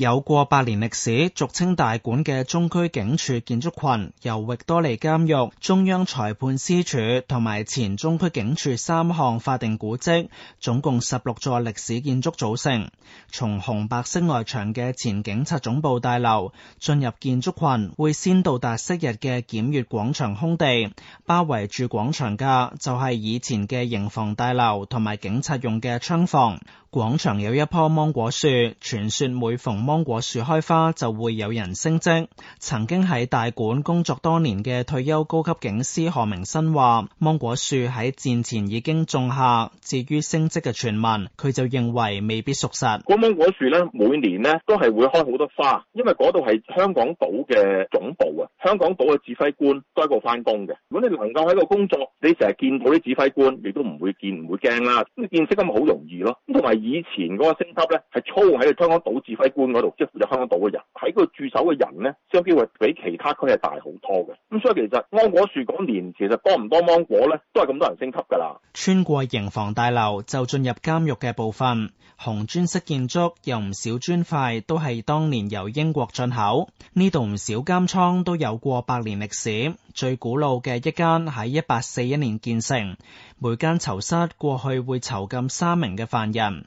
有過百年歷史、俗稱大館嘅中區警署建築群，由域多利監獄、中央裁判司署同埋前中區警署三項法定古蹟，總共十六座歷史建築組成。從紅白色外牆嘅前警察總部大樓進入建築群，會先到達昔日嘅檢閱廣場空地，包圍住廣場嘅就係、是、以前嘅營房大樓同埋警察用嘅槍房。廣場有一棵芒果樹，傳說每逢芒果樹開花就會有人升職。曾經喺大館工作多年嘅退休高級警司何明新話，芒果樹喺戰前已經種下，至於升職嘅傳聞，佢就認為未必屬實。嗰芒果樹咧，每年呢都係會開好多花，因為嗰度係香港島嘅總部啊，香港島嘅指揮官都喺度翻工嘅。如果你能夠喺度工作，你成日見到啲指揮官，你都唔會見唔會驚啦，咁見識咁好容易咯，同埋。以前嗰個升級咧，係操喺香港島指揮官嗰度，即係負責香港島嘅人喺佢駐守嘅人呢，升機會係比其他區係大好多嘅。咁所以其實芒果樹嗰年其實多唔多芒果咧，都係咁多人升級㗎啦。穿過營房大樓就進入監獄嘅部分，紅磚式建築有唔少，磚塊都係當年由英國進口。呢度唔少監倉都有過百年歷史，最古老嘅一間喺一八四一年建成。每間囚室過去會囚禁三名嘅犯人。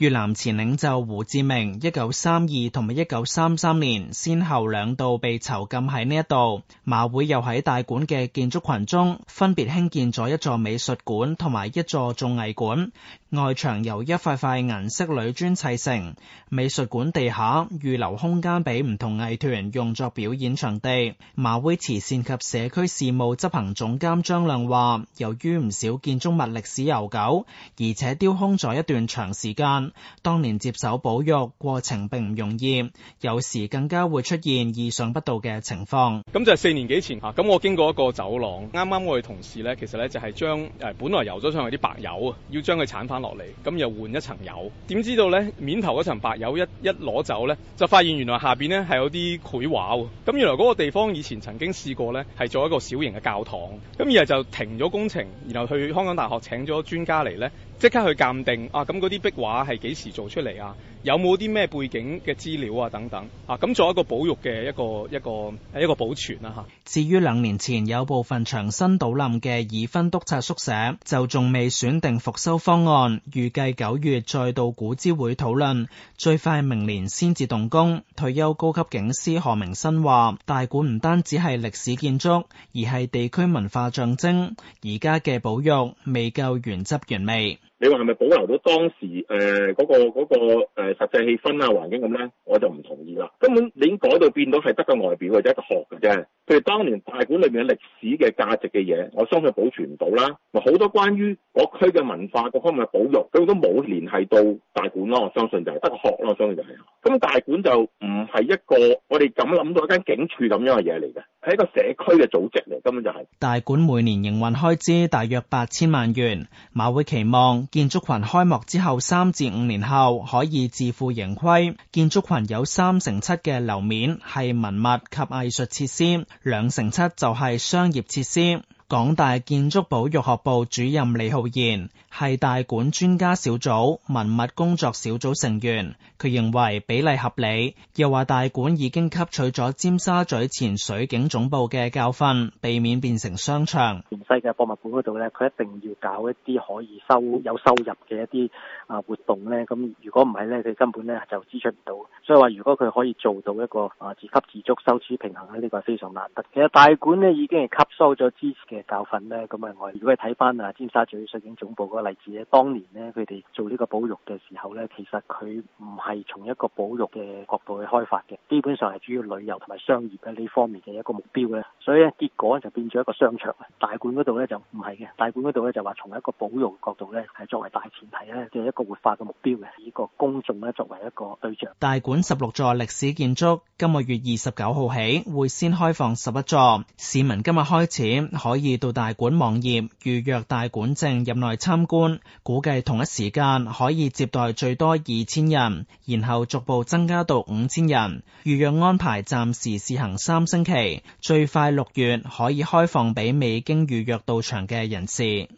越南前領袖胡志明一九三二同埋一九三三年先後兩度被囚禁喺呢一度，馬會又喺大館嘅建築群中分別興建咗一座美術館同埋一座綜藝館，外牆由一塊塊銀色鋁磚砌成。美術館地下預留空間俾唔同藝團用作表演場地。馬會慈善及社區事務執行總監張亮話：由於唔少建築物歷史悠久，而且丟空咗一段長時間。當年接手保育過程並唔容易，有時更加會出現意想不到嘅情況。咁就係四年幾前吓，咁我經過一個走廊，啱啱我嘅同事呢，其實呢就係、是、將誒、呃、本來油咗上去啲白油啊，要將佢鏟翻落嚟，咁又換一層油。點知道呢面頭嗰層白油一一攞走呢，就發現原來下邊呢係有啲繪畫。咁原來嗰個地方以前曾經試過呢係做一個小型嘅教堂。咁然後就停咗工程，然後去香港大學請咗專家嚟呢。即刻去鑑定啊！咁嗰啲壁畫係幾時做出嚟啊？有冇啲咩背景嘅資料啊？等等啊！咁做一個保育嘅一個一個一個保存啊。嚇。至於兩年前有部分牆身倒冧嘅已婚督察宿舍，就仲未選定復修方案，預計九月再到古諮會討論，最快明年先至動工。退休高級警司何明新話：大館唔單止係歷史建築，而係地區文化象徵。而家嘅保育未夠原汁原味。你話係咪保留到當時誒嗰、呃那個嗰、那個誒、呃、實際氣氛啊環境咁、啊、咧？我就唔同意啦。根本你已經改到變到係得個外表或者一個殼嘅啫。譬如當年大館裏面嘅歷史嘅價值嘅嘢，我相信保存唔到啦。好多關於我區嘅文化各方面嘅保育，佢都冇聯繫到大館咯。我相信就係、是、得個殼咯。我相信就係咁，大館就唔係一個我哋咁諗到一間警署咁樣嘅嘢嚟嘅。係一個社區嘅組織嚟，根本就係。大館每年營運開支大約八千萬元。馬會期望建築群開幕之後三至五年後可以自負盈虧。建築群有三成七嘅樓面係文物及藝術設施，兩成七就係商業設施。港大建築保育學部主任李浩然。係大館專家小組文物工作小組成員，佢認為比例合理，又話大館已經吸取咗尖沙咀前水警總部嘅教訓，避免變成商場。全世嘅博物館嗰度咧，佢一定要搞一啲可以收有收入嘅一啲啊活動咧，咁如果唔係咧，佢根本咧就支出唔到。所以話如果佢可以做到一個啊自給自足收支平衡咧，呢個係非常難得。其實大館呢已經係吸收咗支持嘅教訓咧，咁啊我如果係睇翻，啊尖沙咀水警總部例當年咧，佢哋做呢個保育嘅時候呢，其實佢唔係從一個保育嘅角度去開發嘅，基本上係主要旅遊同埋商業嘅呢方面嘅一個目標咧。所以咧，結果就變咗一個商場。大館嗰度咧就唔係嘅，大館嗰度咧就話從一個保育角度咧，係作為大前提咧嘅一個活化嘅目標嘅，依個公眾咧作為一個對象。大館十六座歷史建築，今個月二十九號起會先開放十一座，市民今日開始可以到大館網頁預約大館證入內參觀。估計同一時間可以接待最多二千人，然後逐步增加到五千人。預約安排暫時試行三星期，最快六月可以開放俾未經預約到場嘅人士。